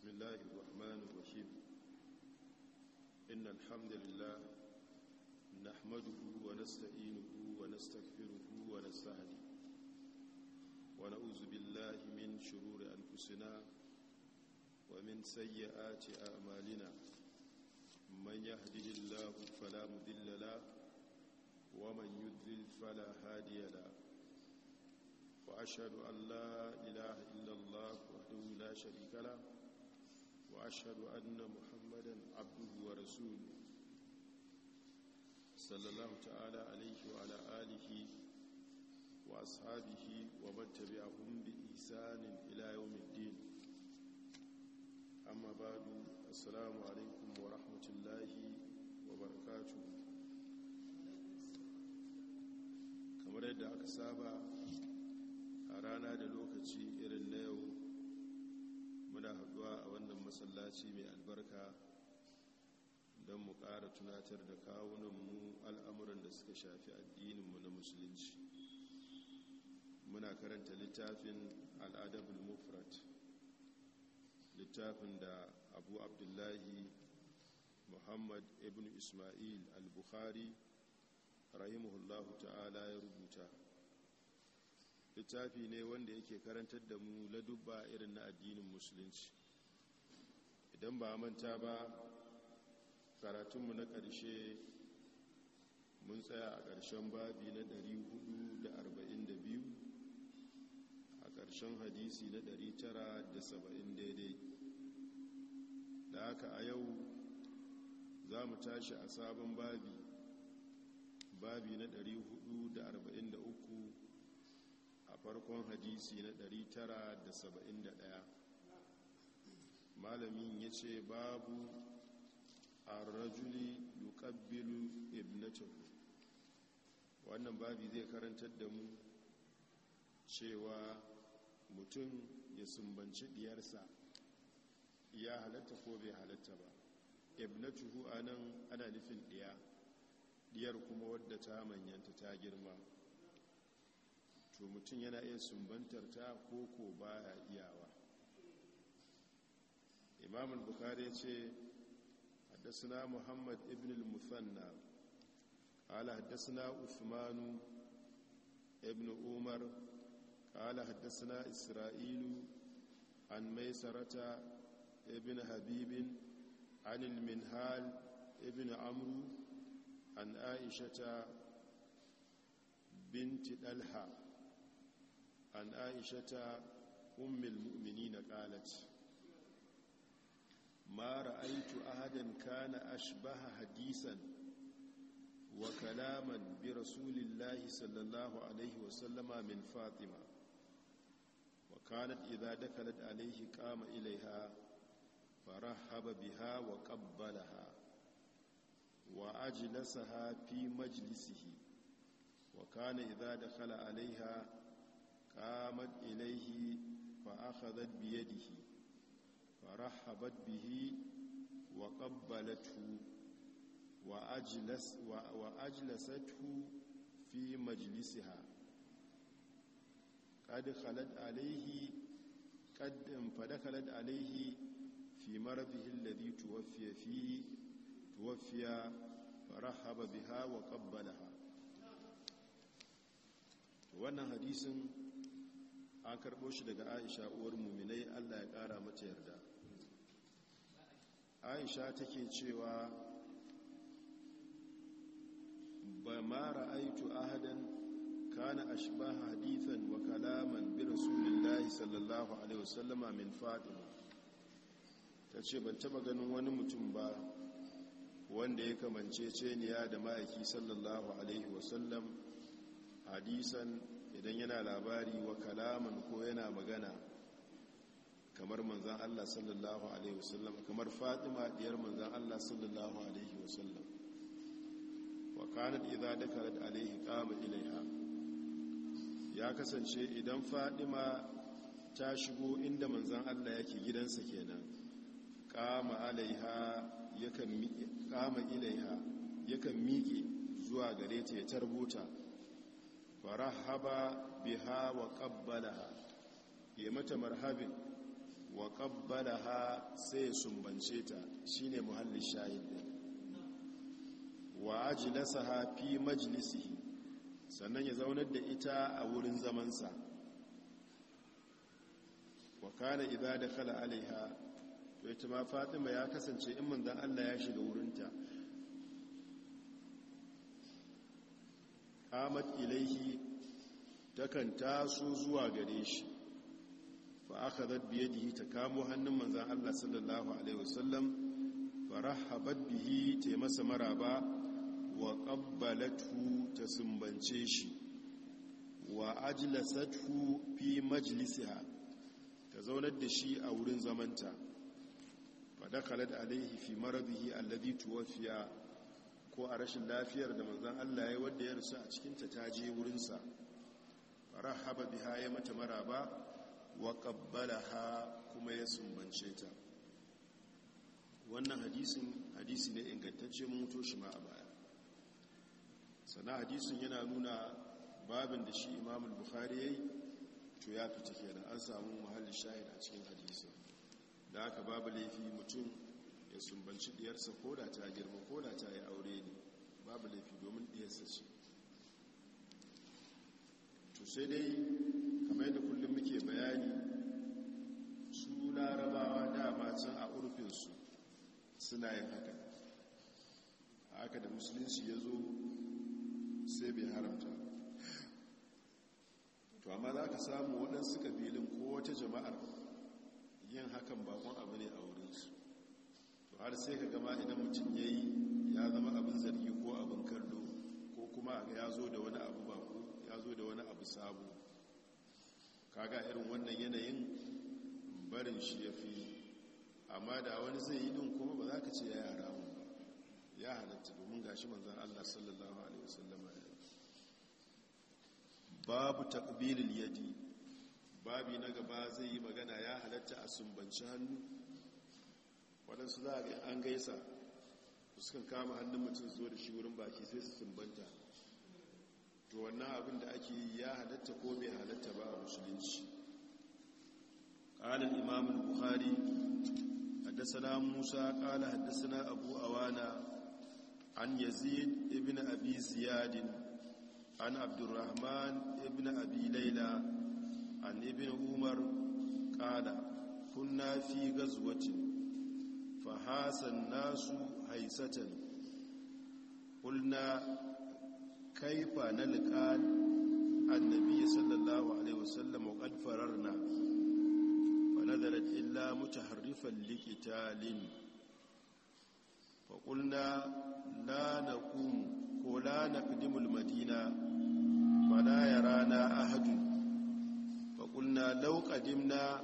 بسم الله الرحمن الرحيم إن الحمد لله نحمده ونستعينه ونستغفره ونستهديه ونعوذ بالله من شرور أنفسنا ومن سيئات أعمالنا من يهده الله فلا مذل له ومن يذل فلا هادي له وأشهد أن لا إله إلا الله وحده لا شريك له واشهد ان محمدا عبده ورسوله صلى الله تعالى عليه وعلى اله واصحابه ومن تبعهم باحسان الى يوم الدين اما بعد السلام عليكم ورحمه الله وبركاته kamar yadda aka saba a rana da lokaci irin na yau muna haduwa a wannan masallaci mai albarka don mu ƙara tunatar da kawunanmu al'amuran da suka shafi addininmu na musulunci muna karanta littafin al'adabul mufrat littafin da abu abdullahi muhammad ibn ismail al-bukhari rahimahullahu ta'ala ya rubuta littafi ne wanda yake karantar da mu ladubba irin na addinin musulunci idan ba manta ba karatunmu na ƙarshe mun tsaya a ƙarshen babi na 442 a ƙarshen hadisi na 970 daidai da haka a yau za mu tashi a sabon babi babi na 443 farkon hadisi na 971 malamin ya ce babu arrajuli yukabbilu ibnatahu wannan babi zai karantar da mu cewa mutum ya sumbanci diyarsa ya halatta ko bai halatta ba ibnatahu anan ana nufin diya diyar kuma wadda ta manyanta ta girma to mutum yana iya sumbantar ta ko ba iyawa imamun bukari ce haddasa muhammad ibn al-musanna ala haddasa usmanu ibn umar ala haddasa isra'ilu an sarata ibn habibin an hal ibn amru an aisha ta binti dalha an aishata ummul mu'minina qalat ma ra'aytu ahadan kana ashbaha hadisan wa kalaman bi rasulillahi sallallahu alaihi wa sallama min fatima wa kanat idha dakalat alaihi qama ilaiha farahaba biha wa qabbalaha wa ajlasaha fi majlisihi wa kana idha dakhala alaiha قامت إليه فأخذت بيده فرحبت به وقبلته وأجلس وأجلسته في مجلسها قد خلت عليه قد فدخلت عليه في مرضه الذي توفي فيه توفي فرحب بها وقبلها wannan hadisin an karɓo shi daga aisha uwar muminai allah ya kara mata yarda aisha take cewa ba ma ra'aitu ahadan kana ashbaha hadithan wa kalaman bi rasulillahi sallallahu alaihi wasallama min fatima tace ban taba ganin wani mutum ba wanda ya kamance ceniya da ma'aiki sallallahu alaihi wasallam hadisan idan yana labari wa kalaman ko yana magana kamar manzan Allah sallallahu Alaihi wasallam kamar fatima diyar manzan Allah sallallahu Alaihi wasallam wa kanar idha dakarat alaihi qama ilaiha ya kasance idan fatima ta shigo inda manzan Allah yake gidansa kenan ƙama alaiha yakan miƙe yakan miƙe zuwa gare ta ya tarbuta farahaba biha wa qabbalaha ya mata marhabin wa sai ya sumbance ta shi shine muhallin shahid wa aji ajlasaha fi majlisihi sannan ya zaunar da ita a wurin zamansa wa kana da kala alaiha to ita fatima ya kasance in manzon Allah ya shiga wurinta qamat ilaihi takan taso zuwa gare shi fa akhadhat bi yadihi ta kamo hannun manzon Allah sallallahu alaihi wasallam farahabat bihi ta masa maraba wa ƙabbalatu ta sumbance shi wa ajlasathu fi majlisiha ta zaunar da shi a wurin zamanta fa dakalat alaihi fi maradihi alladhi tuwafiya ko a rashin lafiyar da manzan Allah ya wadda ya rasu a cikinta ta je wurinsa rahaba biha ya mata maraba wa qabbalaha kuma ya sumbance ta wannan hadisin hadisi ne ingantacce mun mutu shi ma a baya sana hadisin yana nuna babin da shi imamul bukhari yayi to ya fita kenan an samu muhallin shahid a cikin hadisin da aka babu laifi mutum Sun sumbanci diyarsa ko da ta girma ko da ta yi aure ne babu laifi domin diyarsa ce to sai dai kamar yadda kullum muke bayani su larabawa dama can a urfinsu suna yin haka haka da musulunci ya zo sai bai haramta to amma za ka samu waɗansu kabilin ko wata jama'ar yin hakan bakon abin har sai ka gama idan mutum ya yi ya zama abin zargi ko abin kallo ko kuma ya zo da wani abu baku ya zo da wani abu sabo kaga irin wannan yanayin barin shi ya fi amma da wani zai yi din kuma ba za ka ce ya yi haramun ba ya halatta domin gashi manzan allah sallallahu alaihi wasallam babu takbirin yadi babi na gaba zai yi magana ya halatta a sumbanci hannu waɗansu za a ga an gaisa sukan kama hannun mutum zo da shi wurin baki sai su sumbanta to wannan abin da ake yi ya halatta ko bai halatta ba a musulunci ƙalin imamun buhari haddasa musa ƙala haddasa abu awana an yazid ibn abi ziyadin an abdurrahman ibn abi laila an ibn umar ƙala kunna fi gazwacin fahasan nasu haisatan ƙulna kaifa na liƙan annabi sallallahu alaihi wasallam wa ƙadfarar na فنظرت إلا متحرفا لقتال فقلنا لا نقوم ولا نقدم المدينة ولا يرانا أحد فقلنا لو قدمنا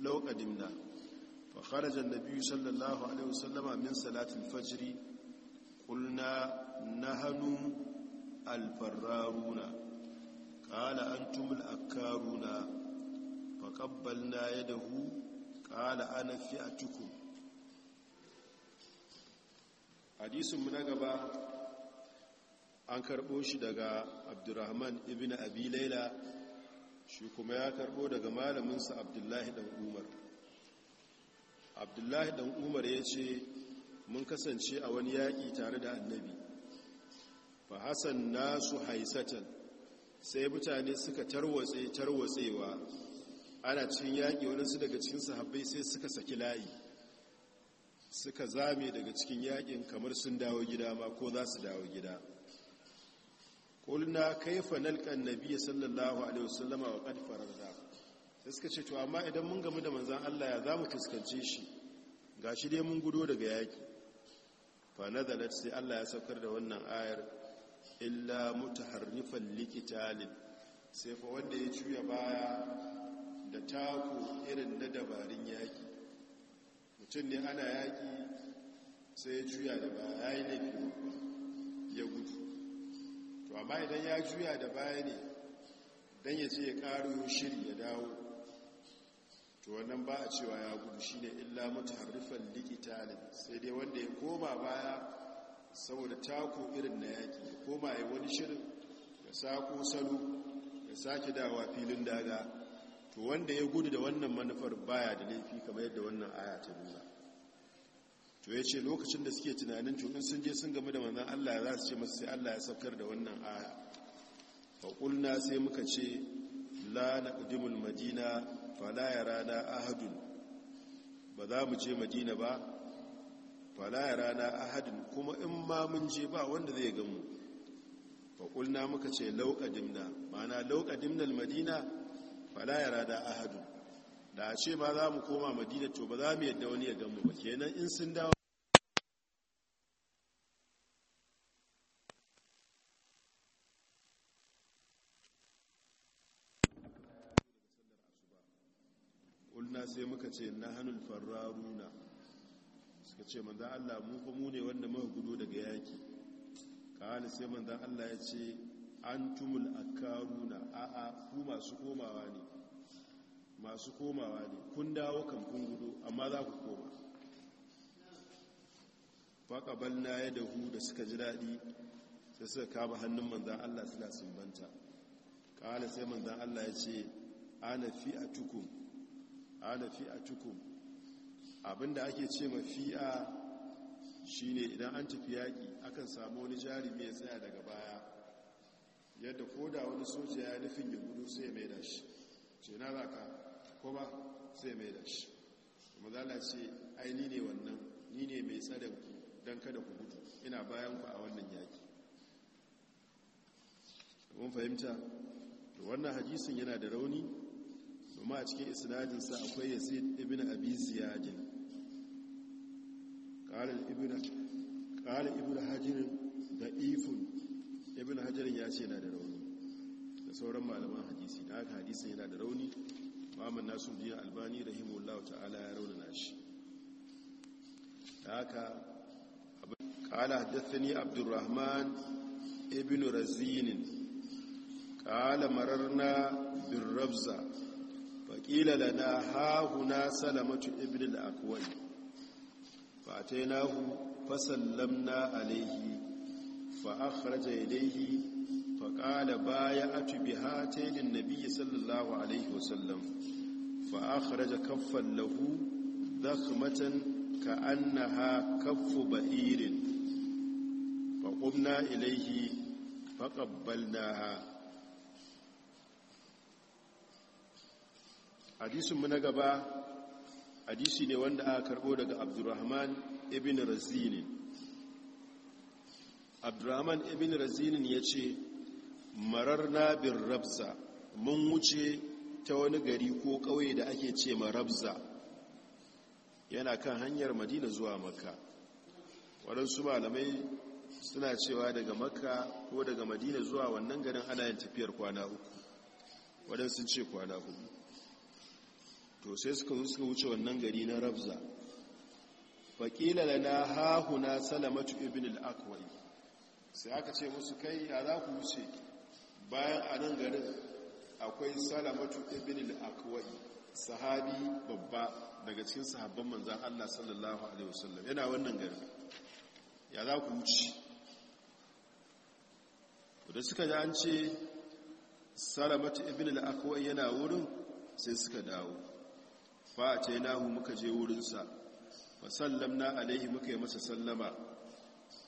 لو قدمنا fa kharaja an-nabi sallallahu alaihi wasallama min salati al-fajr qulna nahnu al-farraruna qala antum al-akkaruna fa qabbalna yadahu qala ana fi'atukum hadisin mu na gaba an karɓo shi daga abdulrahman ibn abi laila shi kuma ya karɓo daga malaminsa abdullahi dan umar abdullahi dan umar ya ce mun kasance a wani yaƙi tare da annabi fa hasan nasu haisatan sai mutane suka tarwatse tarwatsewa ana cikin yaƙi waɗansu daga cikin sahabbai sai suka saki layi suka zame daga cikin yaƙin kamar sun dawo gida ma ko za su dawo gida ƙulna kaifa nalƙan nabi sallallahu alaihi wasallama wa ƙadfarar da sai suka ce to amma idan mun gamu da manzan Allah ya za mu fuskance shi ga shi dai mun gudo daga yaki fa nazalat sai Allah ya saukar da wannan ayar illa mutaharrifan likitalin sai fa wanda ya cuya baya da taku irin na dabarun yaki mutum ne ana yaki sai ya juya da baya ya yi ya gudu to amma idan ya juya da baya ne don ya ce ya karo shiri ya dawo to wannan ba a cewa ya gudu shi ne illa mutaharrifan likitali sai dai wanda ya koma baya saboda tako irin na yaki ya koma ya wani shirin ya sako salo ya sake dawa filin daga to wanda ya gudu da wannan manufar baya da laifi kamar yadda wannan aya ta nuna to ya ce lokacin da suke tunanin cunin sun je sun game da manzan Allah za su ce masu sai Allah ya saukar da wannan aya faƙulna sai muka ce la na ƙudimul madina la ya rana ahadun ba za mu je madina ba la ya rana ahadun kuma in ma mun je ba wanda zai gamu faƙulna muka ce lauƙadimna mana lauƙadimnal madina la ya rana ahadun da a ce ba za mu koma madina to ba za mu yadda wani ya mu ba kenan in sun dawo sai muka ce na hannun fararuna suka ce manzan allah mu kuma mu ne wanda muka gudu daga yaki kawai sai manzan allah ya ce an tumul akaruna a'a ku masu komawa ne masu komawa ne kun dawo kan kun gudu amma za ku koma faƙabal na ya dahu da suka ji daɗi sai suka kama hannun manzan allah suna sumbanta kawai sai manzan allah ya ce ana fi a tukun ala fi'atukum abinda ake ce ma fi'a shine idan an tafi yaki akan samu wani jarumi ya tsaya daga baya yadda koda wani soja ya nufin ya gudu sai ya maida shi ce na raka ko sai ya maida shi mazala ce ai ni ne wannan ni ne mai tsada ku don kada ku gudu ina bayan ku a wannan yaki mun fahimta to wannan hadisin yana da rauni amma a cikin sa akwai yazid ibn abi ziyadin ƙala ibn hajjirin da ifun ibn hajjirin ya ce yana da rauni da sauran malaman hadisi da haka hadisin yana da rauni ma'amman nasu biya albani rahimullahu ta'ala ya raunana shi da haka ƙala haddathani abdurrahman ibn razinin ƙala mararna bin rabza ƙila lana hahuna salamatu ibn al-akwai fatai nahu fasallamna alaihi fa'akharaja ilaihi faƙala baya atubi hatailin nabi sallallahu alaihi wasallam fa'akharaja kaffan lahu zakhmatan ka annaha kaffu ba'irin faƙumna ilaihi ha. hadisinmu na gaba hadisi ne wanda aka karbo daga abdurrahman ibn razinin abdurrahman ibn razinin ya ce marar nabin rabza mun wuce ta wani gari ko ƙauye da ake ce marabza yana kan hanyar madina zuwa makka waɗansu malamai suna cewa daga makka ko daga madina zuwa wannan garin ana yin tafiyar kwana uku waɗansu ce kwana hudu to sai suka zo suka wuce wannan gari na rabza faƙila da na hahuna salamatu ibn al'akwai sai aka ce musu kai ya za ku wuce bayan a nan garin akwai salamatu ibn al'akwai sahabi babba daga cikin sahabban manzan allah sallallahu alaihi wasallam yana wannan garin ya za ku wuce da suka ji an ce salamatu ibn al'akwai yana wurin sai suka dawo fa ce hu muka je wurinsa fa sallamna alaihi muka yi masa sallama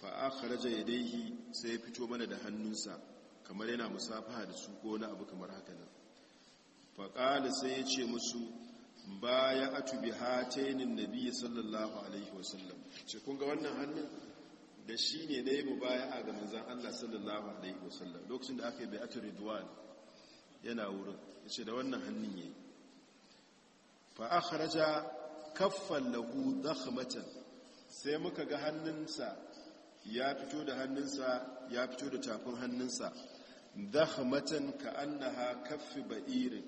fa ya yadayhi sai ya fito mana da hannunsa kamar yana musafaha da su ko na abu kamar haka nan fa qala sai ya ce musu baya atu bi hatainin nabiyyi sallallahu alaihi sallam ce kun ga wannan hannun da shi ne na yi a ga manzan Allah sallallahu Alaihi sallam lokacin da aka yi bai'atul ridwan yana wurin ya ce da wannan hannun yayi fa'akharaja kaffan lahu dakhmatan sai muka ga hannunsa ya fito da hannunsa ya fito da tafin hannunsa dakhmatan ka annaha kaffi ba'irin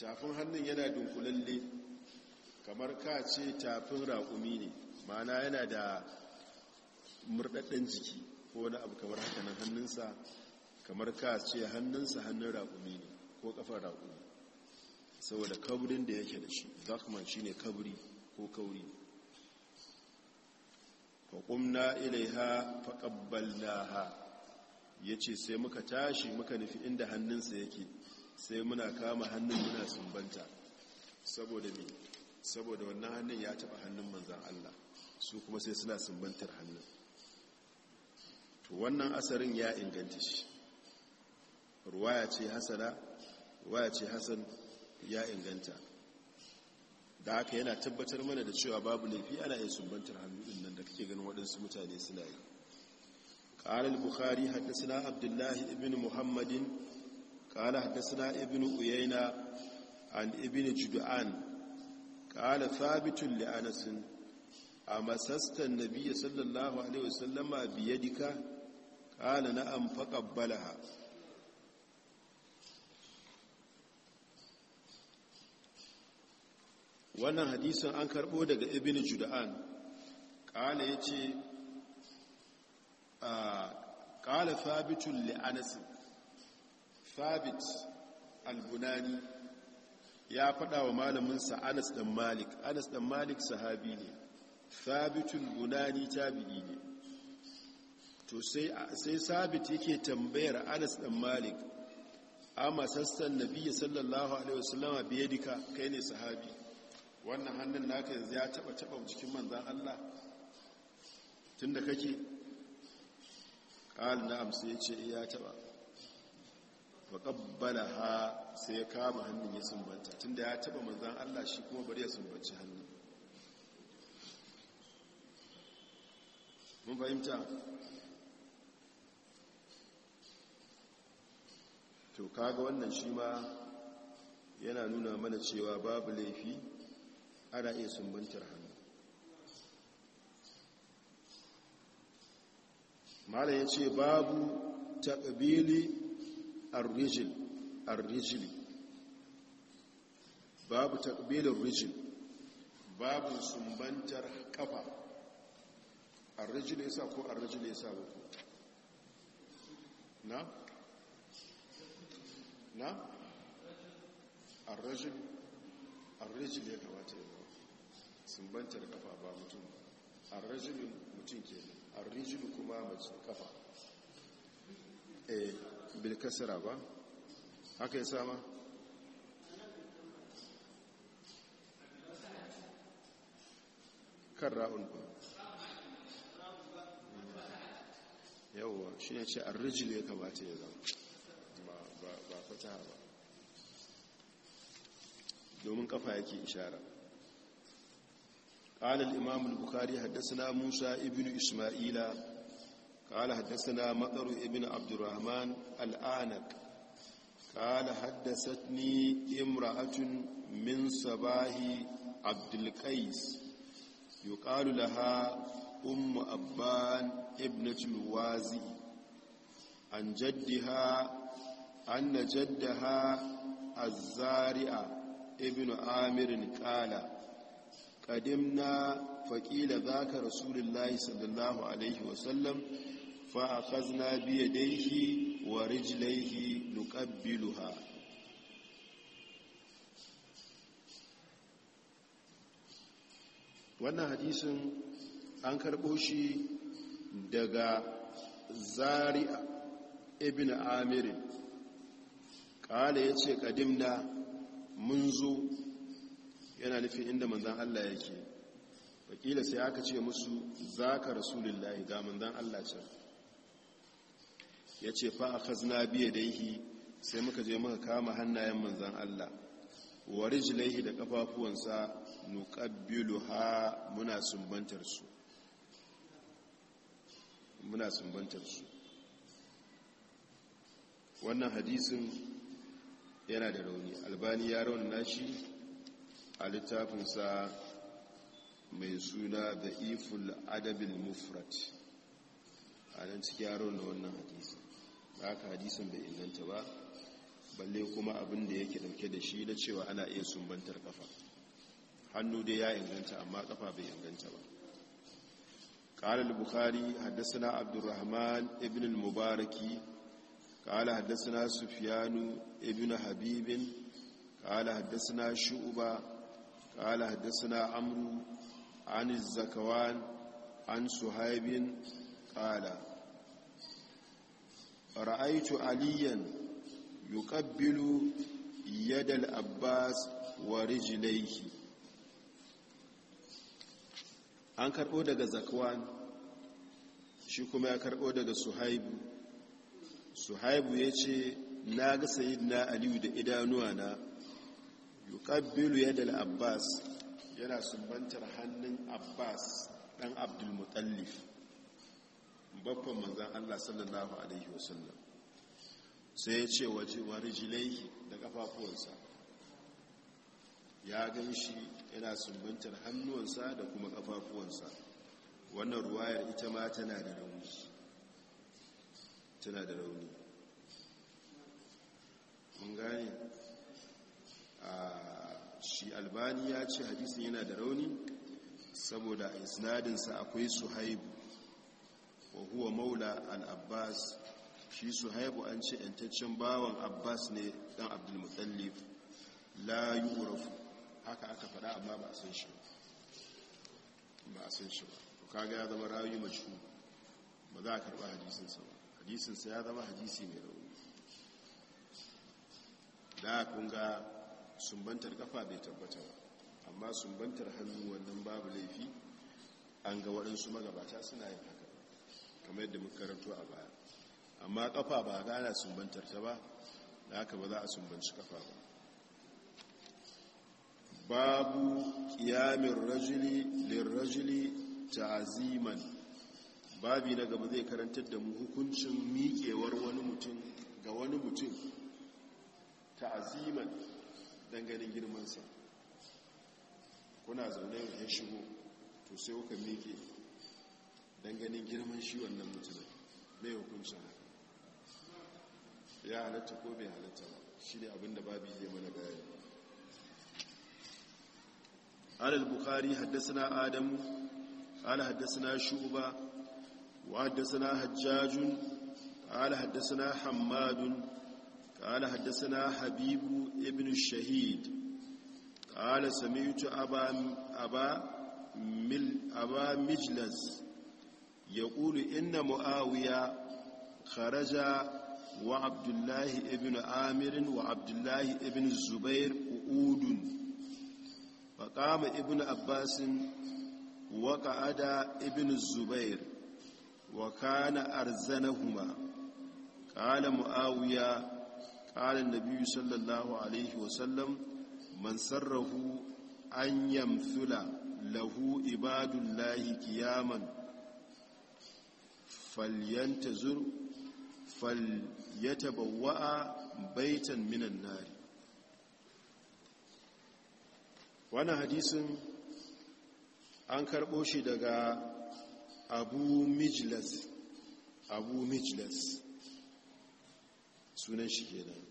tafin hannun yana dunkulalle kamar ka ce tafin raƙumi ne mana yana da murɗaɗɗen jiki ko wani abu kamar hakanan hannunsa kamar ka ce hannunsa hannun raƙumi ne ko ƙafar raƙumi saboda kaburin da yake da shi zakman shi ne kaburi ko kauri faƙumna ilaiha faƙabbalnaha ya ce sai muka tashi muka nufi inda hannunsa yake sai muna kama hannun muna sumbanta saboda me saboda wannan hannun ya taɓa hannun manzan Allah su kuma sai suna sumbantar hannun to wannan asarin ya inganta shi ruwaya ce hasana ruwaya ce hasan ya inganta da haka yana tabbatar mana da cewa babu laifi ana yin sumbantar hannun nan da kake ganin waɗansu mutane suna yi ƙara al-bukhari haddasa abdullahi ibn muhammadin ƙara haddasa ibn uyaina an ibn judu'an ƙara fabitun li'anasin a masastan nabiya sallallahu alaihi wasallama biyadika ƙara na'am faƙabbalaha wannan hadisun an karbo daga ibn juda'an kala ya ce kala ah, fabitun li'anasi fabit albunani ya faɗa wa malaminsa anas dan malik anas dan malik sahabi ne fabitun bunani tabi'i ne to sai sabit yake tambayar anas dan malik a sassan nabiya sallallahu alaihi wasallama biye dika kai ne sahabi wannan hannun naka yanzu ya taba taba jikin manzan Allah tunda kake qal na'am sai ya ce ya taba fa qabbalaha sai ya kama hannun ya sumbanta tunda ya taba manzan Allah shi kuma bari ya sumbanci hannun mun fahimta to kaga wannan shi ma yana nuna mana cewa babu laifi ana iya sumbantar hannu malam ya ce babu taƙabili arrijili babu taƙabilin rijil babu sumbantar ƙafa arrijili sa ko arrijili ya sa ku na? na? arrijili ya kamata ya bambanta kafa ba mutum ba arrajulu mutum ke arrijulu kuma mace kafa eh bil kasra ba haka ya sama kan ra'un ba yawwa shi ne ce arrijulu ya kamata ya zama ba fata ba domin kafa yake ishara قال الإمام البخاري حدثنا موسى ابن إسماعيل قال حدثنا مطر ابن عبد الرحمن الآنك قال حدثتني امرأة من صباح عبد القيس يقال لها أم أبان ابنة الوازي عن جدها أن جدها الزارع ابن عامر قال ƙadimna faƙila za ka rasulullahi sallallahu alaihi wasallam fa'akazna biya daihi wa rijilaihi nuƙabbiluha wannan hadisun an karɓo shi daga zari'a ibn amirin ƙala ya ce ƙadimna mun zo yana nufin inda manzan Allah yake wakila sai aka ce musu za ka lillahi ga manzan Allah can ya ce fa a kazna biya da yi sai muka je muka kama hannayen manzan Allah wari jilaihi da kafafuwansa ha muna sumbantarsu muna sumbantarsu. wannan hadisin yana da rauni albani ya raunana nashi. a littafinsa mai suna da iful adabin mufrat a nan ciki yaro na wannan hadisi ba ka hadisin bai inganta ba balle kuma abin da yake dauke da shi na cewa ana iya sumbantar kafa hannu dai ya inganta amma kafa bai inganta ba قال البخاري حدثنا عبد الرحمن ابن المبارك قال حدثنا سفيان ابن حبيب قال حدثنا شعبه قال حدثنا عمرو عن الزكوان عن سهيب قال رأيت عليا يقبل يد الأباس ورجليه an karɓo daga zakwan shi kuma ya karɓo daga suhaibu suhaibu ya ce na ga sayid na aliyu da idanuwa na ya yadal abbas yana sumbantar hannun abbas ɗan abdul mutallif babban manzon Allah sallallahu alaihi wasallam sai ya ce waje warijilaihi da kafafuwansa ya shi yana sumbantar hannuwansa da kuma ƙafafuwansa wannan ruwayar ita ma tana da rauni tana da rauni mun gane shi albani ya ce hadisin yana da rauni saboda isnadinsa akwai suhaibu wa huwa maula al-abbas shi suhaibu an ce ‘yantaccen bawan abbas ne dan abdulmutallif la yi haka aka faɗa amma ba a san shi ba a san shi ba to kaga ya zama rayu mashi ba za a karɓa hadisinsa ba hadisinsa ya zama hadisi mai rauni da kunga sumbantar kafa bai tabbata ba amma sumbantar hannu wannan babu laifi an ga waɗansu magabata suna yin haka kamar yadda muka karanto a baya amma kafa ba gana sumbantar ta ba da haka ba za a sumbanci kafa ba babu kiyamin rajuli lirrajuli ta'aziman babi na gaba zai karantar da mu hukuncin miƙewar wani mutum ga wani mutum ta'aziman don ganin girmansa kuna zaune ya shigo to sai kuka miƙe don ganin girman shi wannan mutumin mai hukuncin ya halatta ko bai halatta shi ne abinda babu yi mana bayani قال haddasa na Shuba, قال حدثنا شعبة وحدثنا حجاج قال حدثنا حماد قال حدثنا حبيب ابن الشهيد قال سمعت أبا, أبا, مل أبا مجلس يقول إن معاوية خرج وعبد الله ابن عامر وعبد الله ابن الزبير قعود فقام ابن عباس وقعد ابن الزبير وكان أرزنهما قال معاوية Alin da biyu sallallahu alaihi wa man sarrafu anyan tula lahu ibadun lahi kiyaman falyenta zurf, falyenta bawa’a, baitan minan naira. Wani hadisin an karɓo shi daga Abu Mijlas, Abu Mijlas. sunan shi kenan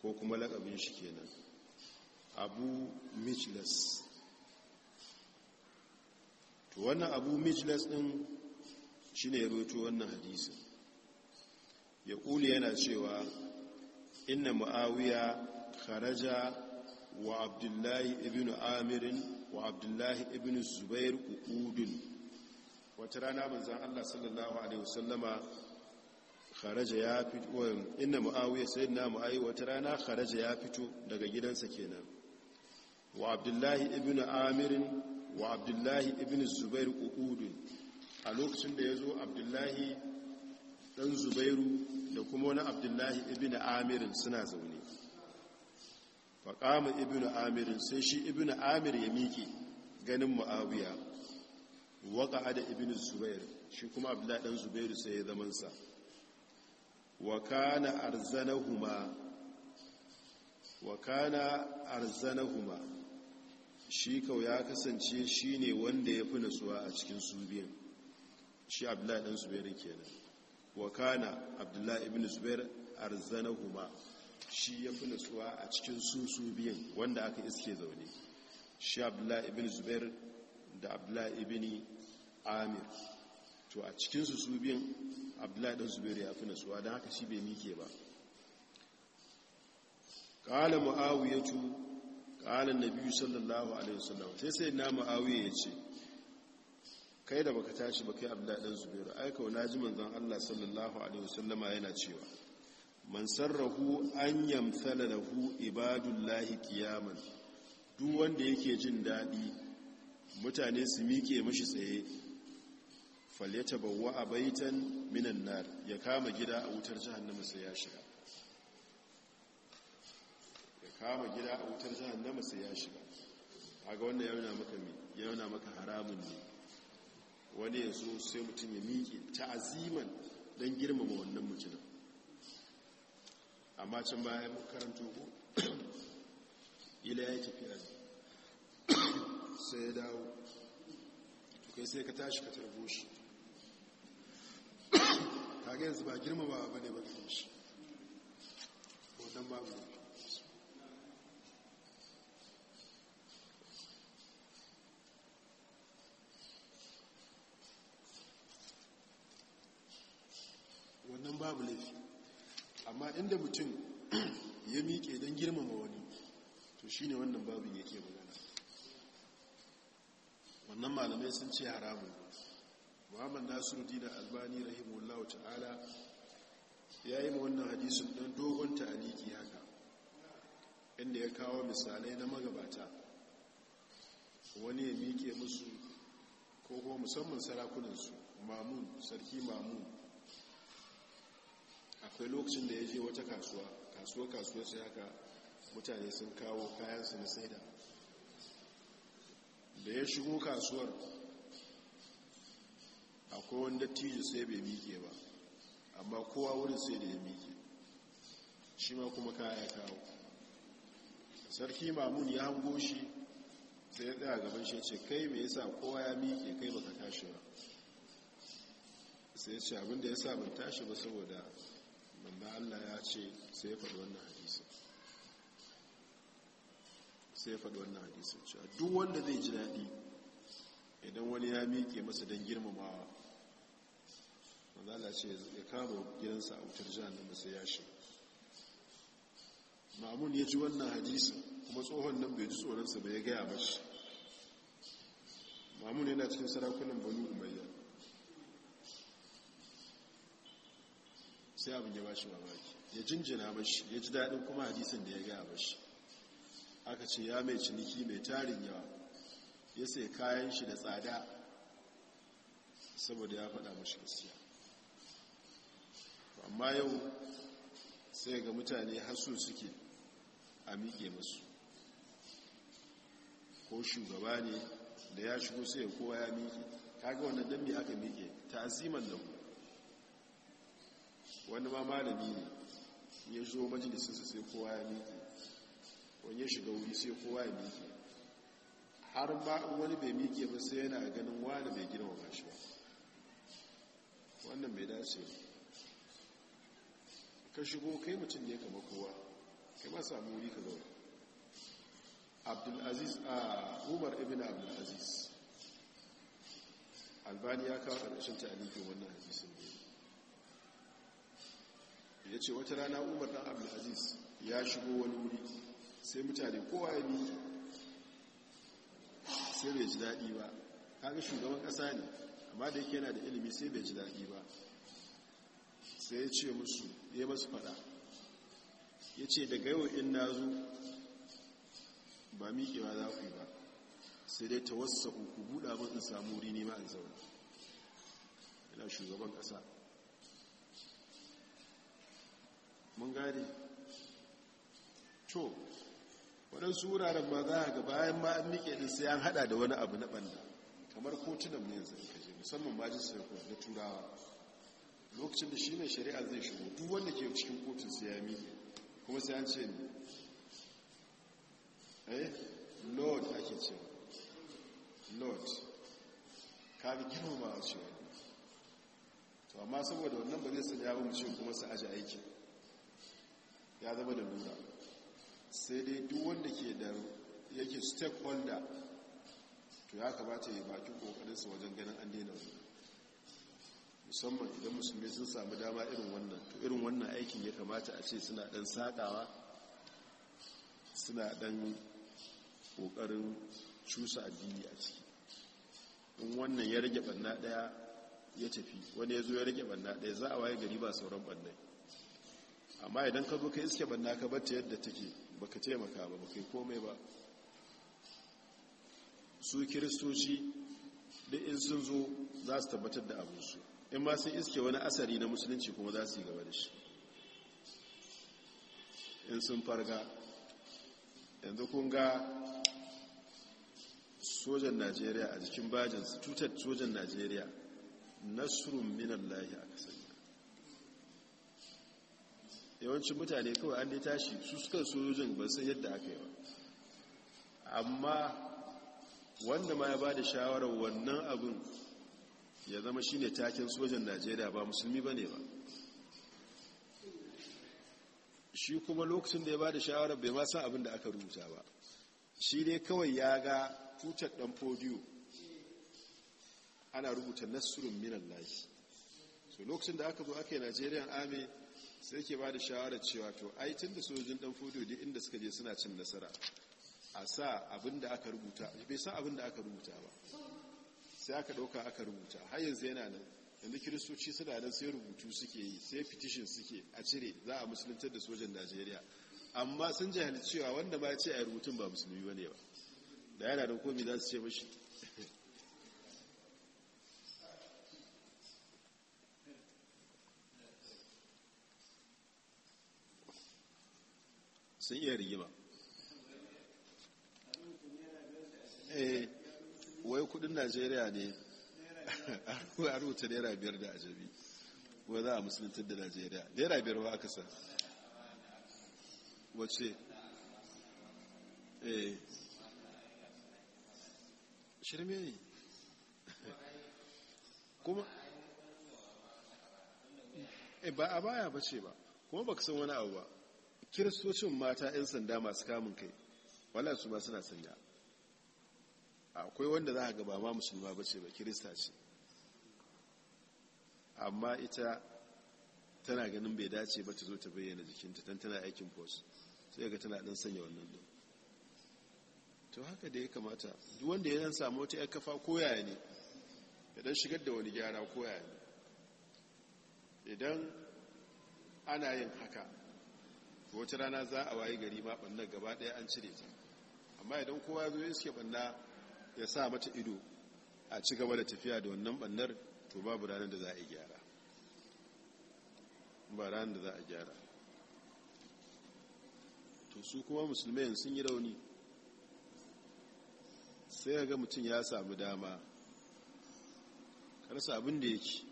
ko kuma lakabin shi kenan abu mijlas to wannan abu mijlas din shine ya roto wannan hadisin ya kuli yana cewa inna muawiya kharaja wa abdullahi Ibnu amirin wa abdullahi ibn zubair uqudun wata rana manzon Allah sallallahu alaihi wasallama kharaja ya fito inna muawiya sayyidina muawiya wata rana kharaja ya fito daga gidansa kenan wa abdullahi ibnu amir wa abdullahi ibnu zubair qu'udun a lokacin da yazo abdullahi dan zubairu da kuma wani abdullahi ibnu amir suna zaune fa qama ibnu amir sai shi ibnu amir ya miƙe ganin muawiya waka da ibnu zubair shi kuma abdullahi dan zubairu sai ya zaman sa wa kana arzanahuma wa arzanahuma shi kawai ya kasance shi ne wanda ya fi nasuwa a cikin su biyan shi abdullahi ɗan zubairu kenan wa kana abdullahi ibn zubair arzanahuma shi ya fi nasuwa a cikin su su biyan wanda aka iske zaune shi abdullahi ibn zubair da abdullahi ibn amir to a cikinsu su biyan abdullahi dan zubairu ya fi nasuwa don haka shi bai mike ba ƙala mu'awiyatu ƙala biyu sallallahu alaihi wasallam sai sai na ma'awu ya ce kai da baka tashi ba kai abdullahi dan zubairu aika wa naji manzon Allah sallallahu alaihi wasallama yana cewa man sarrahu an yamsala ibadun ibadullahi kiyaman duk wanda yake jin dadi mutane su mike mashi tsaye falyata wa a baitan minan nar ya kama gida a wutar jihannama sai ya shiga ya kama gida a wutar jihannama sai ya shiga a ga wannan yana maka mi yana maka haramun ne wani ya zo sai mutum ya miƙe ta aziman don girmama wannan mutumin amma can bayan makarantu ko ila ya tafiya sai ya dawo kai sai ka tashi ka tarbo shi kaga yanzu ba girma ba ba ne ba ke shi wannan babu ne wannan babu laifi amma inda mutum ya miƙe don girmama wani to shi ne wannan babu yake magana wannan malamai sun ce haramun muhammad nasiruddin albani rahimahullahu ta'ala ya yi ma wannan hadisun don dogon ta'aliki haka inda ya kawo misalai na magabata wani ya miƙe musu ko kuma musamman sarakunansu mamun sarki mamun akwai lokacin da ya je wata kasuwa kasuwa kasuwa sai haka mutane sun kawo kayansu na saida da ya shigo kasuwar akwai wanda tijo sai bai mike ba amma kowa wurin sai da ya mike shi ma kuma kaya kawo sarki mamun ya hango shi sai ya tsaya gaban shi ce kai mai yasa kowa ya mike kai baka tashi ba sai ya ce abinda ya sa ban tashi ba saboda banda allah ya ce sai ya faɗi wannan hadisa sai ya faɗi wannan hadisa cewa duk wanda zai ji daɗi idan wani ya miƙe masa don girmamawa lalace ya kama gidansa a wutar jihar sai ya shi ma'amun ya ji wannan hadisi kuma tsohon nan bai ji tsoronsa bai ya gaya ba shi ma'amun yana cikin sarakunan banu umayya sai abin ya ba shi mamaki ya jinjina ba shi ya ji daɗin kuma hadisin da ya gaya ba shi aka ce ya mai ciniki mai tarin yawa ya sai kayan shi da tsada saboda ya faɗa mashi gaskiya amma yau sai ga mutane hasu suke a miƙe masu ko shugaba ne da ya shigo sai kowa ya miƙe kaga wannan dambe aka miƙe ta aziman mu wani ma malami ne ya zo majalisinsa sai kowa ya miƙe wani ya shiga wuri sai kowa ya miƙe har ba wani bai miƙe ba sai yana ganin wani bai gina wa gashi ba wannan bai dace ba ka shigo kai mutum ne kama kowa kai ba samu wuri ka zaune abdulaziz a umar ibn abdulaziz albani ya kawo ƙarƙashin ta'alifin wannan hadisun ne ya ce wata rana umar ɗan abdulaziz ya shigo wani wuri sai mutane kowa ya bi sai bai ji daɗi ba kaga shugaban ƙasa ne amma da yake yana da ilimi sai bai ji daɗi ba sai ya ce musu ya masu fada ya ce daga yau in na zo ba miƙewa za ku yi ba sai dai ta wasa ku buɗa mun in samu wuri nema in zaune yana shugaban ƙasa mun gari to waɗansu wuraren ba za a ga bayan ma an miƙe ɗin sai an haɗa da wani abu na ɓanda kamar kotunan ne yanzu ka musamman majalisar na turawa lokacin da shi ne shari'a zai shigo duk wanda ke cikin kotun su ya miƙe kuma sai an ce ne eh lord ake ce lord ka bi ba a cewa to amma saboda wannan ba zai sanya ya mu kuma su aji aiki ya zama da lura sai dai duk wanda ke da yake stakeholder to ya kamata ya baki kokarinsa wajen ganin an daina wani musamman idan musulmi sun samu dama irin wannan to irin wannan aikin ya kamata a ce suna dan sadawa suna dan kokarin cusa addini a ciki in wannan ya rage banna daya ya tafi wani ya zo ya rage banna daya za a waye gari ba sauran bannai amma idan ka zo ka iske banna ka bata yadda take baka taimaka ba baka yi komai ba su kiristoci duk in sun zo za su tabbatar da abin su. in ma sun iske wani asari na musulunci kuma za su yi gaba da shi in sun farga yanzu kun ga sojan najeriya a jikin bajinsu tutar sojan najeriya minan lahi a kasar yawancin mutane kawai an dai tashi su suka sojojin ba san yadda aka yi ba amma wanda ma ya ba da shawarar wannan abin ya zama shi ne taken sojan najeriya ba musulmi ba ne ba shi kuma lokacin da ya ba da shawarar bai masa abin da aka rubuta ba shi ne kawai ya ga tutar dan fodiyo ana rubuta nasirun minan lahi so lokacin da aka zo aka yi najeriya ame sai ke ba da shawarar cewa to ai tun da sojin dan podiyo duk inda suka je suna cin nasara a sa abin da aka rubuta bai sa abin da aka rubuta ba sai aka ɗauka aka rubuta har yanzu yana nan yanzu kiristoci suna nan sai rubutu suke yi sai petition suke a cire za a musulunta da sojan najeriya amma sun jahil cewa wanda ma ce a rubutun ba musulmi ba ne ba da yana da komi za su ce mashi sun iya rigima eh wai kudin najeriya ne a rute naira biyar da ajabi wai za a musulunta da najeriya naira biyar ba aka san? wace eh shirme ne kuma eh, ba a baya ba ce ba kuma ba san wani abu ba kiristocin mata 'yan sanda masu kamun kai wala su ba suna sanya akwai wanda za a gaba ba ma musulma ba ce ba kirista ce amma ita tana ganin bai dace ba ta zo ta bayyana jikinta don tana aikin post sai ga tana dan sanya wannan din to haka da ya kamata duk wanda ya samu wata yar kafa koya ne ya dan shigar da wani gyara koya ne idan ana yin haka wata rana za a waye gari ma bannan gaba daya an cire ta amma idan kowa ya zo ya suke banna ya sa mata ido a ci gaba da tafiya da wannan bannar to babu ranar da za a gyara ba ranar da za a gyara to su kuma musulmai sun yi rauni sai ga mutum ya samu dama karsa abin da yake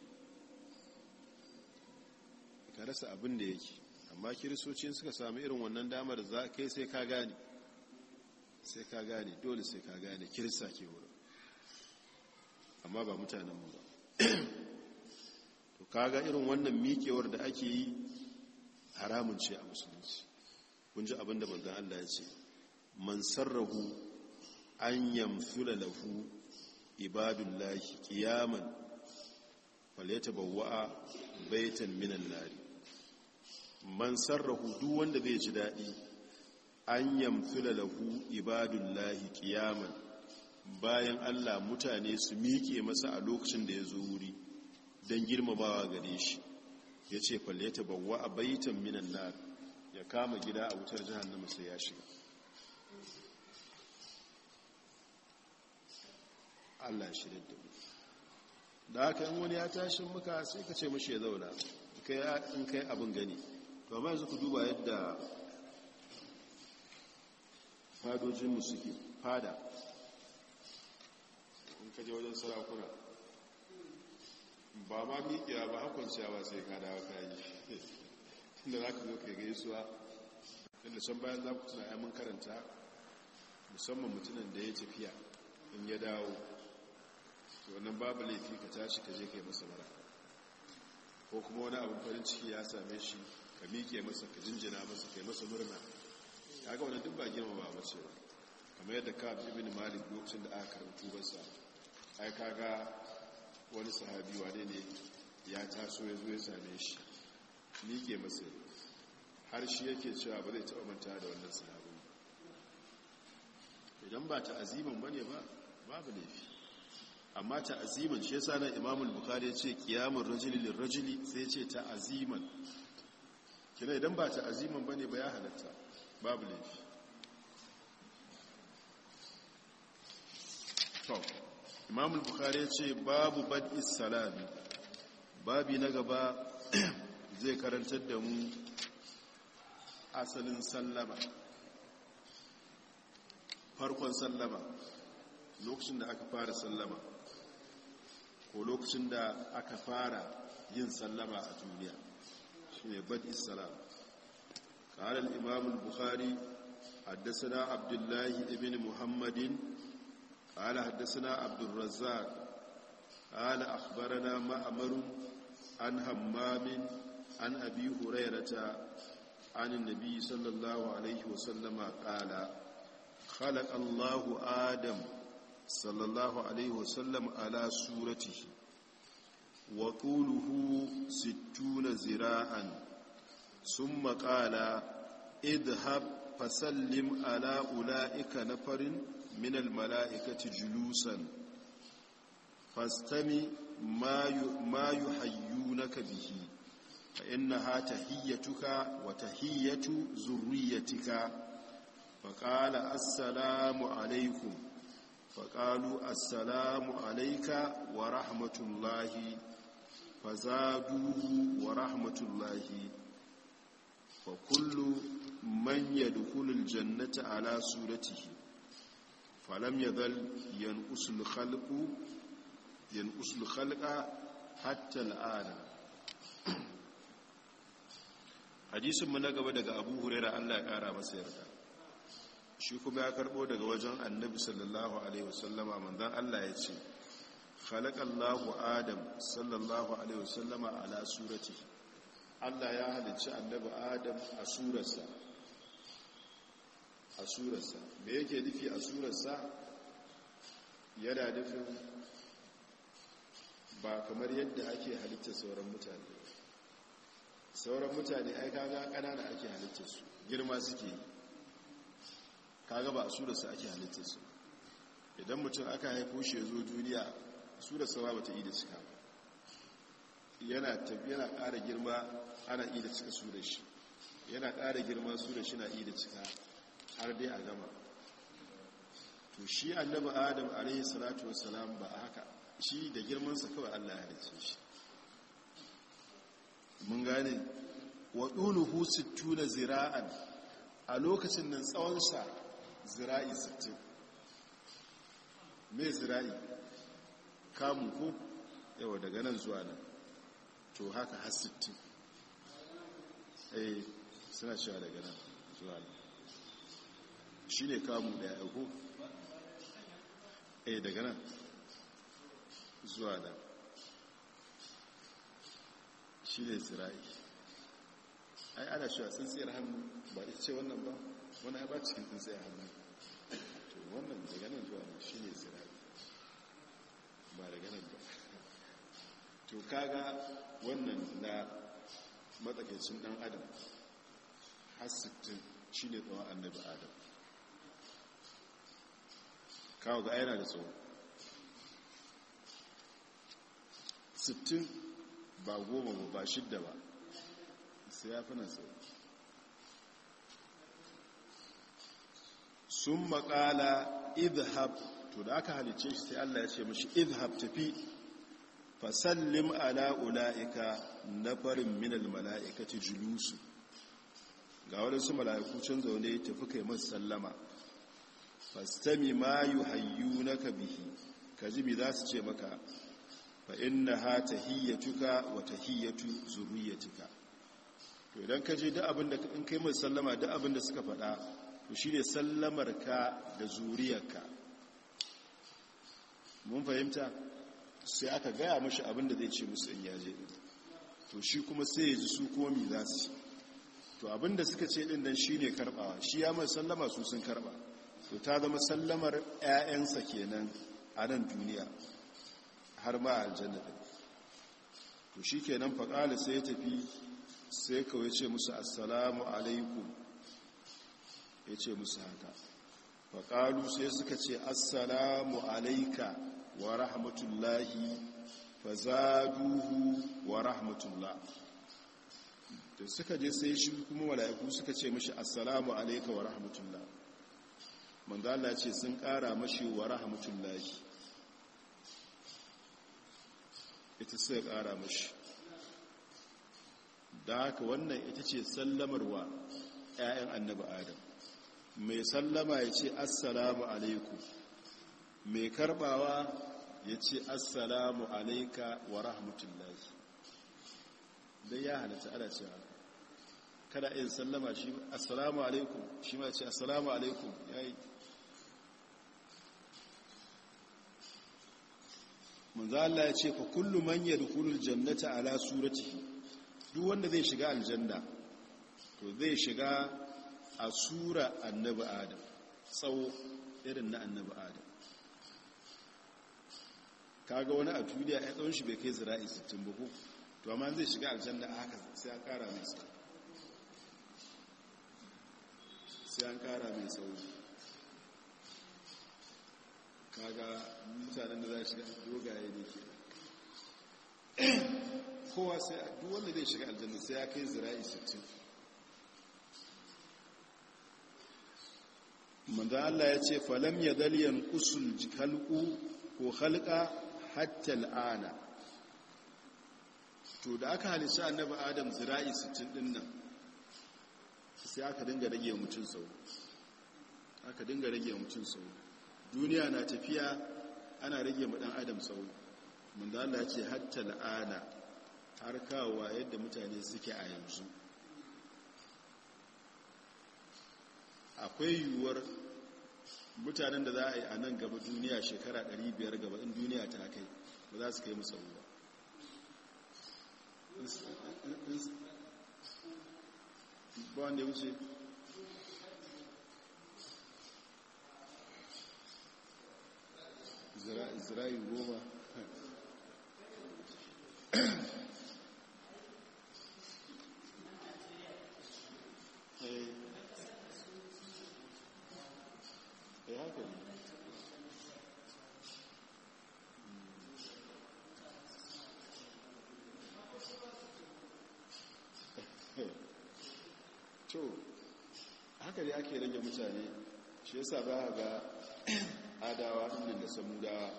ka rasa abin da yake amma kiristocin suka sami irin wannan damar za kai sai ka gane sai ka gane dole sai ka gane kirista ke wurin amma ba mutanenmu ba to kaga irin wannan mikewar da ake yi haramun ce a musulunci kun ji abin da manzan Allah ya ce man sarrahu an yamsula lahu ibadullahi qiyaman falyatabawwa baitan minan nari man sarrahu duk wanda zai ji dadi an yamsula lahu ibadullahi kiyaman bayan Allah mutane su miƙe masa a lokacin da ya zo wuri don girmamawa gare shi ya ce falleta bawa a baitan minan nar ya kama gida a wutar jihannama sai ya shiga Allah shi da mu da haka in wani ya tashi muka sai ka ce mashi ya zauna in kai abin gani to amma yanzu ku duba yadda fadojin suke fada in kaje wajen sarakuna ba ma miƙiya ba hakwanciya ba sai ka dawa kayi inda za ka zo ka gaisuwa inda can bayan za ku tuna mun karanta musamman mutunan da ya tafiya in ya dawo wannan babu laifi ka tashi ka je ka masa mara ko kuma wani abin farin ciki ya same shi ka miƙe masa ka jinjina masa ka masa murna kaga wannan duk ba girma ba ce kamar yadda ka kab ibn malik lokacin da aka karbi tubarsa ai kaga wani sahabi wane ne ya taso ya zo ya same shi miƙe masa har shi yake cewa ba zai taɓa manta da wannan sahabi idan ba ta aziman bane ba babu laifi amma ta aziman shi yasa nan imamul bukhari ce qiyamul rajuli rajili sai ce ta aziman kina idan ba ta aziman bane ba ya halatta babu laifi to imamul bukhari ya ce babu bad'i salami babi na gaba zai karantar da mu asalin sallama farkon sallama lokacin da aka fara sallama ko lokacin da aka fara yin sallama a duniya shi ne bad'i salama قال الإمام البخاري حدثنا عبد الله بن محمد قال حدثنا عبد الرزاق قال أخبرنا مأمر عن همام عن أبي هريرة عن النبي صلى الله عليه وسلم قال خلق الله آدم صلى الله عليه وسلم على سورته وقوله ستون زراعاً sun maƙala idhab fasallim ala ula'ika na farin minal mala'ikaci julusan fastami ma yi hayyu na bihi fa ina ha tahiyyatuka wa tahiyyatu zurriyatika faƙala assalamu alaikum faƙalu assalamu alaika wa rahmatullahi fazaduhu wa rahmatullahi fa kullu man yadkhulul jannata ala suratihi falam yadhal yanqusul khalqu yanqusul khalqa hatta al'ana hadisin mu na gaba daga Abu Hurairah Allah ya kara masa yarda shi kuma ya karbo daga wajen Annabi sallallahu alaihi wasallama manzon Allah ya ce khalaqallahu adam sallallahu alaihi wasallama ala suratihi Allah ya halicci annabi Adam a surarsa a surarsa me yake nufi a surarsa yana nufin ba kamar yadda ake halitta sauran mutane sauran mutane ai kaga kanana ake halitta su girma suke kaga ba a surarsa ake halitta su idan mutum aka haifo shi ya zo duniya surarsa ba ta yi da cika ba yana tafi ƙara girma ana iya da cika su da shi yana ƙara girma su da shi na iya da cika har dai a gama to shi annabi adam alaihi salatu wassalam ba a haka shi da girmansa kawai allah ya halice shi mun gane wa ɗuluhu sittuna zira'an a lokacin nan tsawonsa zira'i sittin mai zira'i kamun ko yawa daga nan zuwa nan to haka har 60 eh suna cewa daga nan zuwa nan shi ne kamun da ya aiko eh daga nan zuwa da shi ne tsira'i ai ana shi a tsintsiyar hannu ba ita ce wannan ba wani ya ba cikin tsintsiyar hannu to wannan daga nan zuwa nan shi ne tsira'i ba daga nan ba to kaga wannan na matsakaicin dan adam har 60 shine tsawon annabi adam kawo ga yana da tsawo 60 ba goma ba ba shidda ba sai ya fi na tsawo sun makala idhab to da aka halice shi sai Allah ya ce mashi idhab tafi fasallim ala ula'ika na farin minal mala'ikati julusu ga waɗansu mala'iku can zaune tafi kai masu sallama Fasami ma yi hayyu na kabihi ka bi za su ce maka fa inna ha tahiyyatuka wa zuriyatuka to idan ka je duk abin da in kai masu sallama duk abin da suka faɗa to sallamar ka da zuriyarka mun fahimta sai aka gaya mashi abinda zai ce musu in yaje to shi kuma sai ya ji su komi za su to abinda suka ce din dan shine karbawa shi ya mai sallama su sun karba to ta zama sallamar 'ya'yansa kenan a nan duniya har ma aljanna din to fa faqala sai ya tafi sai kawai ce musu assalamu alaikum ya ce musu haka faƙalu sai suka ce assalamu alaika wa rahmatullahi fa zaduhu wa rahmatullah da suka je sai shi kuma mala'iku suka ce mashi assalamu alaika wa rahmatullah manzo Allah ce sun kara mashi wa rahmatullahi ita sai kara mashi da haka wannan ita ce sallamarwa 'ya'yan annabi adam mai sallama ya ce assalamu alaikum mai karbawa ya ce assalamu alaika wa rahmatullahi don ya halatta ana cewa kada in sallama shi assalamu alaikum shi ma ce assalamu alaikum ya yi manzo Allah ya ce fa kullu man yadkhulul jannata ala surati duk wanda zai shiga aljanna to zai shiga a sura annabi adam tsawo irin na annabi adam kaga wani a duniya ya tsawon shi bai kai zira'i 60 ba to amma zai shiga aljanna haka sai an kara mai tsawo sai an kara mai tsawo kaga mutanen da za shiga dogaye ne ke kowa sai a duk wanda zai shiga aljanna sai ya kai zira'i 60 manzan Allah ya ce falam ya dalyan yanqusul jikalku ko khalqa hatta al'ana to da aka halisha annabi adam zira'i 60 din nan sai aka dinga rage mutum sau aka dinga rage mutum sau duniya na tafiya ana rage mu dan adam sau mun da Allah ce hatta al'ana har kawowa yadda mutane suke a yanzu akwai yiwuwar mutanen da za a yi a nan gaba duniya shekara 500 gaba in duniya ta kai ba za su kai musa ba goma to haka dai ake rage mutane shi yasa ba a ga adawa ɗin da samudawa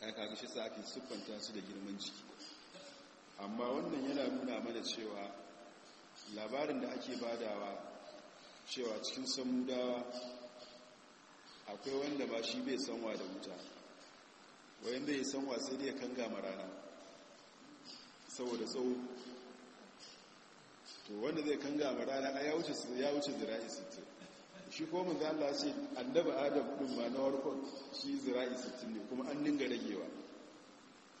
kai shi sa ake siffanta su da girman jiki amma wannan yana nuna mana cewa labarin da ake badawa cewa cikin samudawa akwai wanda ba shi bai sanwa da wuta wayan bai sanwa sai dai ya kanga marana saboda tsawo to wanda zai kanga gama rana a ya wuce zira'i 60 shi ko manzo Allah ce annabi Adam din ma na farkon shi zira'i 60 ne kuma an dinga ragewa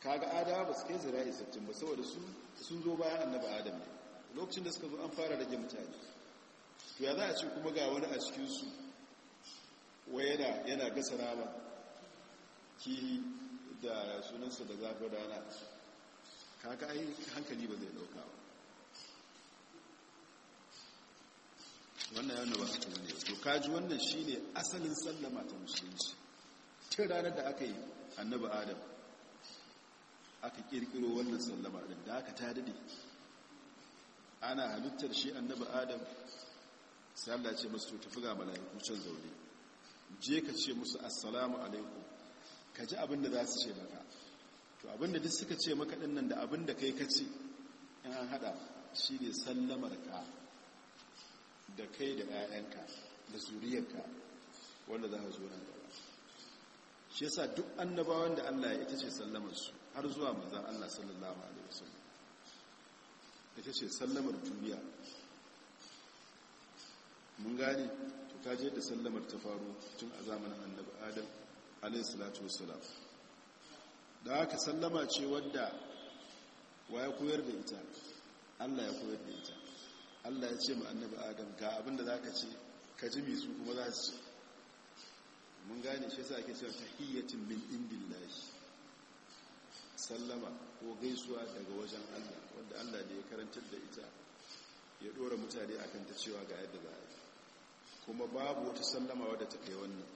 kaga adawa ba su kai zira'i 60 ba saboda sun zo bayan annabi Adam ne lokacin da suka zo an fara rage mutane to ya za a ce kuma ga wani a cikinsu su yana yana gasa rama ki da sunansa da zafin rana kaga ai hankali ba zai ɗauka ba wannan yana ba kuma ne to kaji wannan shi ne asalin sallama ta musulunci tun ranar da aka yi annaba adam aka kirkiro wannan sallama da aka ta dade ana halittar shi annaba adam sai Allah ce masu tafi ga mala'iku can zaune je ka ce musu assalamu alaikum ka ji abin da za su ce maka to abin da duk suka ce maka dinnan da abin da kai ka ce in an hada shi ne sallamar ka da kai da 'ya'yanka da zuriyarka wanda za ka zo nan gaba shi yasa duk annabawan da Allah ya ita ce sallamarsu har zuwa manzan Allah sallallahu alaihi wasallam ita ce sallamar duniya mun gane to kaje da sallamar ta faru tun a zamanin annabi adam alaihi salatu wassalam da haka sallama ce wadda wa ya koyar da ita Allah ya koyar da ita allah ya ce ma annabi adam ga abinda za ka ce ka ji mai kuma za su ce mun gane shi sa ake cewa tahiyyatin min indillahi sallama ko gaisuwa daga wajen allah wanda allah ne ya karantar da ita ya dora mutane akan ta cewa ga yadda za a yi kuma babu wata sallama wadda ta kai wannan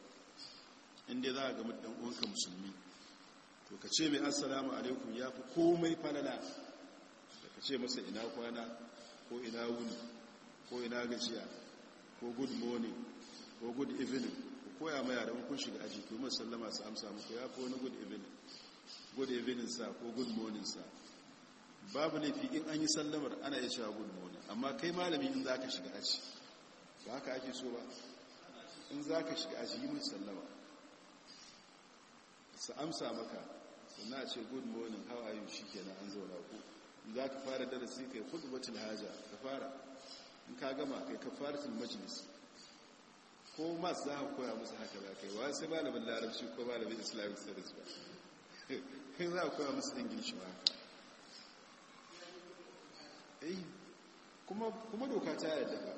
inda za a ga mutum uwanka musulmi to ka ce mai assalamu alaikum ya fi komai falala da ka ce masa ina kwana ko ina wuni ko ina gajiya ko good morning ko good evening ku koya ma yaran kun shiga aji ku sallama su amsa muku ya ko ni good evening good evening sa ko good morning sa babu laifi in an yi sallamar ana iya cewa good morning amma kai malami in za ka shiga aji ba haka ake so ba in za ka shiga aji yi mai sallama su amsa maka sannan a ce good morning how are you shi na an na ku za ka fara darasi kai khutbatul haja ka fara in ka gama kai kafaratul majlis ko masu za ka koya musu haka ba kai wa sai malamin larabci ko malamin islamic studies ba kai za ka koya musu ingilishi ba eh kuma doka ta yarda ba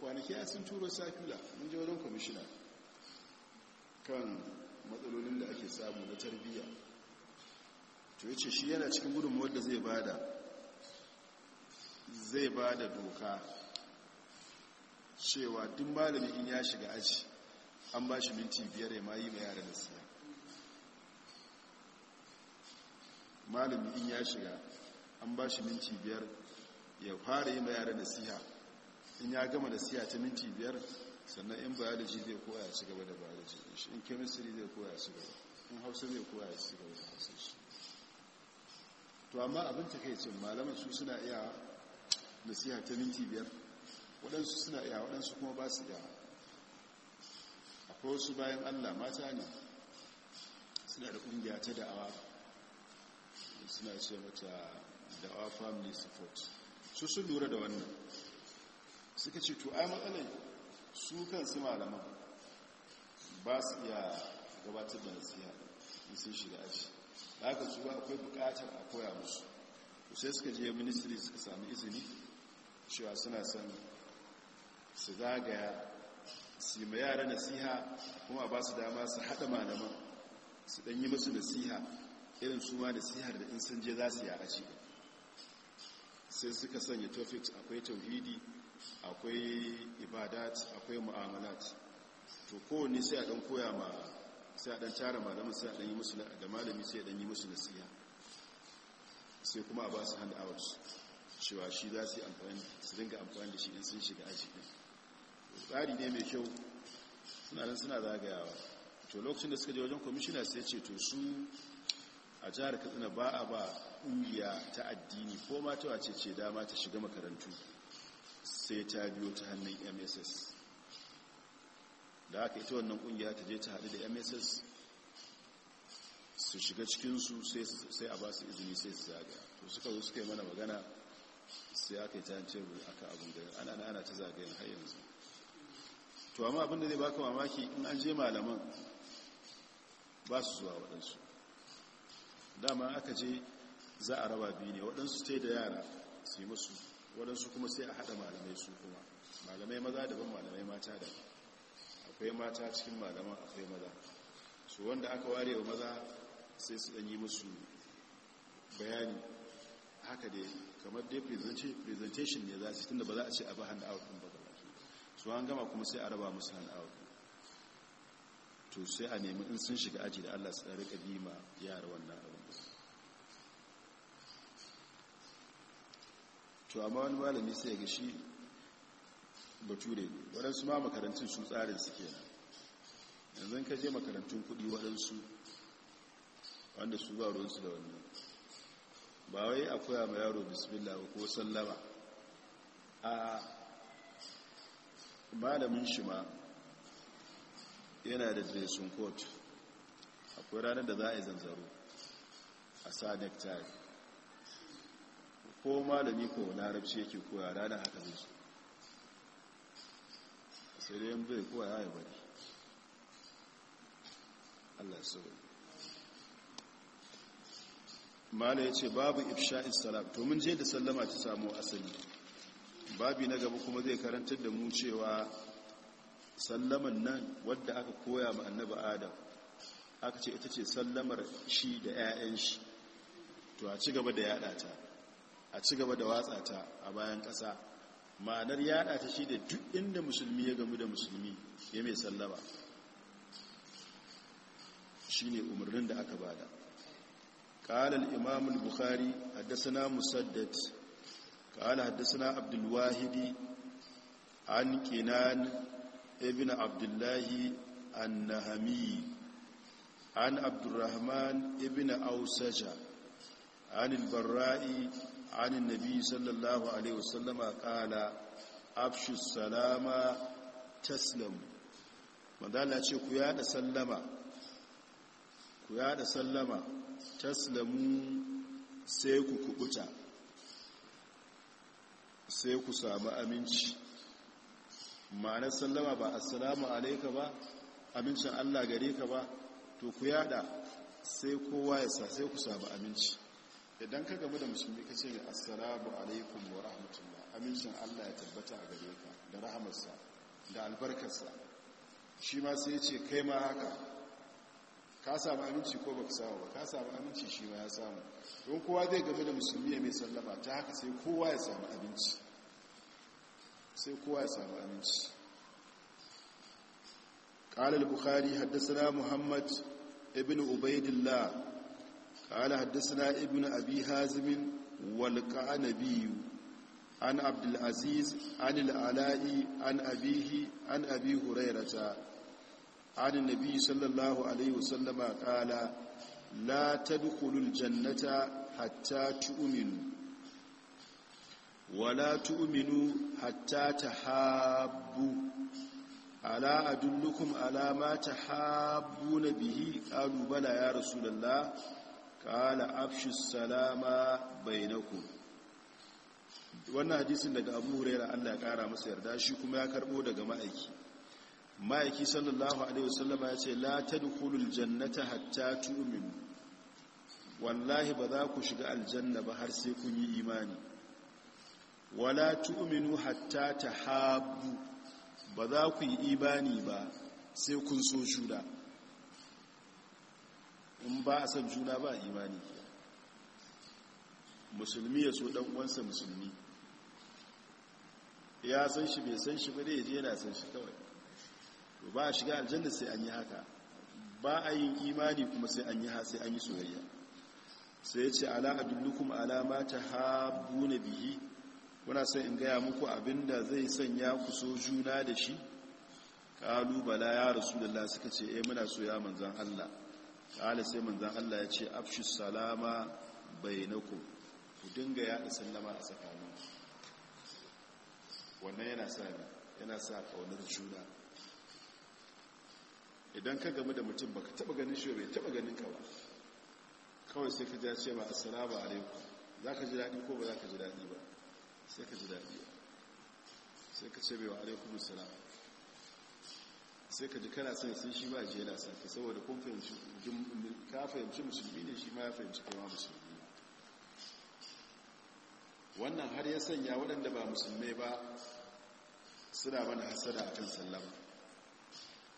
kwanaki a sun turo sakula mun je wajen kwamishina kan matsalolin da ake samu na tarbiyya to yace shi yana cikin gudun da zai bada zai bada doka cewa duk malami in ya shiga aji an ba shi minti biyar ya yi mai yara nasiya malami in ya shiga an ba shi minti biyar ya fara yi mai yara nasiya in ya gama da siya ta minti biyar sannan in biology zai koya ci gaba da biology in chemistry zai koya ci gaba in hausa zai koya ci gaba da hausa shi to amma abin takaicin malaman su suna iya nasiha ta minti biyar waɗansu suna iya waɗansu kuma ba su iya akwai wasu bayan allah mata ne suna da ƙungiya ta da'awa suna ce mata da'awa family support su sun lura da wannan suka ce to ai matsalai su kansu malaman ba su iya gabatar da nasiha sun shiga aji haka su akwai bukatar a koya musu sai suka je ministry suka sami izini cewa suna son su zagaya su yi yara nasiha kuma ba su dama su haɗa malaman su ɗan yi musu nasiha irin su ma nasihar da in sun je za su yi a sai suka sanya topics akwai tauhidi akwai ibadat akwai mu'amalat to kowanne sai a ɗan koya ma sai a dan tara malamin sai a dan yi musu da malami sai a dan yi musu nasiya sai kuma a ba su hand out cewa shi za su amfani su dinga amfani da shi in sun shiga aji din tsari ne mai kyau suna nan suna zagayawa to lokacin da suka je wajen kwamishina sai ce to su a jihar katsina ba a ba ƙungiya ta addini ko ma ta wace ce dama ta shiga makarantu sai ta biyo ta hannun mss da aka ita wannan kungiya ta je ta haɗu da mss su shiga cikinsu sai a ba su izini sai su zaga to suka zo suka yi mana magana sai aka yi tayan tebur aka abin da ana ana ta zagayen har yanzu to amma abin da zai baka mamaki in an je malaman ba su zuwa waɗansu dama aka je za a raba biyu ne waɗansu sai da yara su yi musu waɗansu kuma sai a haɗa malamai su kuma malamai maza daban malamai mata daban akwai mata cikin malaman akwai maza su wanda aka ware wa maza sai su ɗanyi musu bayani haka dai kamar dai presentation ne za su tunda ba za a ce a ba hand out ba su an gama kuma sai a raba musu hand out to sai a nemi in sun shiga aji da allah su ɗari rika ma yara wannan abin to amma wani malami sai ga shi bature waɗansu ma makarantun su tsarin su ke yanzu ka je makarantun kuɗi waɗansu wanda su ba ruwansu da wannan ba wai a koya ma yaro bismillah ko sallama a malamin shi ma yana da dresden court akwai ranar da za a yi zanzaro a sa necktie ko malami ko larabci yake koya ranar haka zai sai yan bai ya yi bari allah ya ce babu ifsha salam to mun je da sallama ta samu asali babi na gaba kuma zai karantar da mu cewa sallaman nan wadda aka koya ma annaba adam aka ce ita ce sallamar shi da 'ya'yan shi to a ci da yada ta a cigaba da watsa ta a bayan ƙasa ma'anar ya ɗata shi da duk inda musulmi ya gamu da musulmi ya mai sallaba shi ne umarnin da aka bada ƙalal imamul Bukhari, haddasa musaddad ƙalal haddasa na abdullahidi an ibn abdullahi an nahami an abdurrahman ibn ausaja an عن النبي صلى الله عليه وسلم قال أبشو السلام تسلم مدالة كيادة سلم كيادة سلم تسلم سيكو كبتا سيكو سام أمنش ma'ana sallama ba assalamu alaika ba amincin Allah gare ka ba to ku yada sai kowa ya sai ku samu aminci idan ka gamu da musulmi ka ce ga assalamu alaikum wa rahmatullah amincin allah ya tabbata a gare ka da rahamarsa da albarkarsa shi ma sai ce kai ma haka ka samu aminci ko ba samu ba ka samu aminci shi ma ya samu don kowa zai gamu da musulmi ya mai sallama ta haka sai kowa ya samu aminci sai kowa ya samu aminci قال البخاري حدثنا محمد ابن عبيد الله قال حدثنا ابن أبي هازم والقعنبي عن عبد العزيز عن العلاء عن أبيه عن أبي هريرة عن النبي صلى الله عليه وسلم قال لا تدخلوا الجنة حتى تؤمنوا ولا تؤمنوا حتى تحابوا ألا أدلكم على ما تحابون به قالوا بلى يا رسول الله kala afshi salama bainakum wannan hadisin daga abu huraira allah ya kara masa yarda shi kuma ya karbo daga ma'aiki ma'aiki sallallahu alaihi wasallama ya ce la tadkhulul jannata hatta tumin wallahi ba za ku shiga aljanna ba har sai kun yi imani wala tu'minu hatta habu ba za ku yi imani ba sai kun so juna in ba a san juna ba a imani musulmi ya so dan uwansa musulmi ya san shi bai san shi ba dai je yana san shi kawai ba a shiga aljanna sai an yi haka ba a yin imani kuma sai an yi ha sai an yi soyayya sai ce ala adullukum ta ma na bihi kuna sai in gaya muku abinda zai sanya ku so juna da shi kalu ya rasu da suka ce eh muna so ya manzon Allah ƙala sai manzan Allah ya ce afshi salama bai na ku ku dinga yaɗa sallama a tsakanin wannan yana sa yana sa ƙaunar juna idan ka gamu da mutum baka taba ganin shi bai taba ganin ka ba kawai sai ka ja ce ba assalamu alaikum za ka ji daɗi ko ba za ka ji daɗi ba sai ka ji daɗi sai ka ce bai wa alaikum assalam sai ka ji kana son sai shi ba ji yana son ka saboda kun fahimci ka fahimci musulmi ne shi ma ya fahimci kuma musulmi wannan har ya sanya waɗanda ba musulmi ba suna mana hasada a kan sallama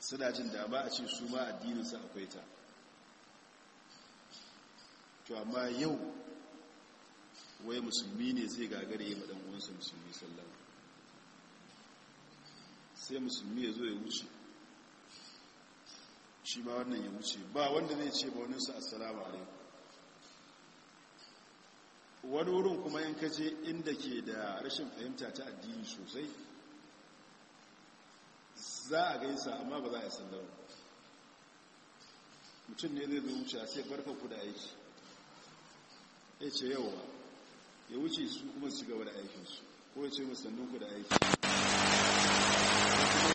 suna jin dama a ce su ma addininsu akwai ta to amma yau wai musulmi ne zai gagare ya maɗan uwansa musulmi sallama sai musulmi ya zo ya wuce shi ba wannan ya wuce ba wanda zai ce ba wani su assalamu alaikum wani wurin kuma yin kaje inda ke da rashin fahimta ta addini sosai za a gaisa amma ba za a yi sallama mutum ne zai zo wuce a sai barka ku aiki ya ce yawa ya wuce su kuma su gaba da aikinsu ko ya ce musamman da aiki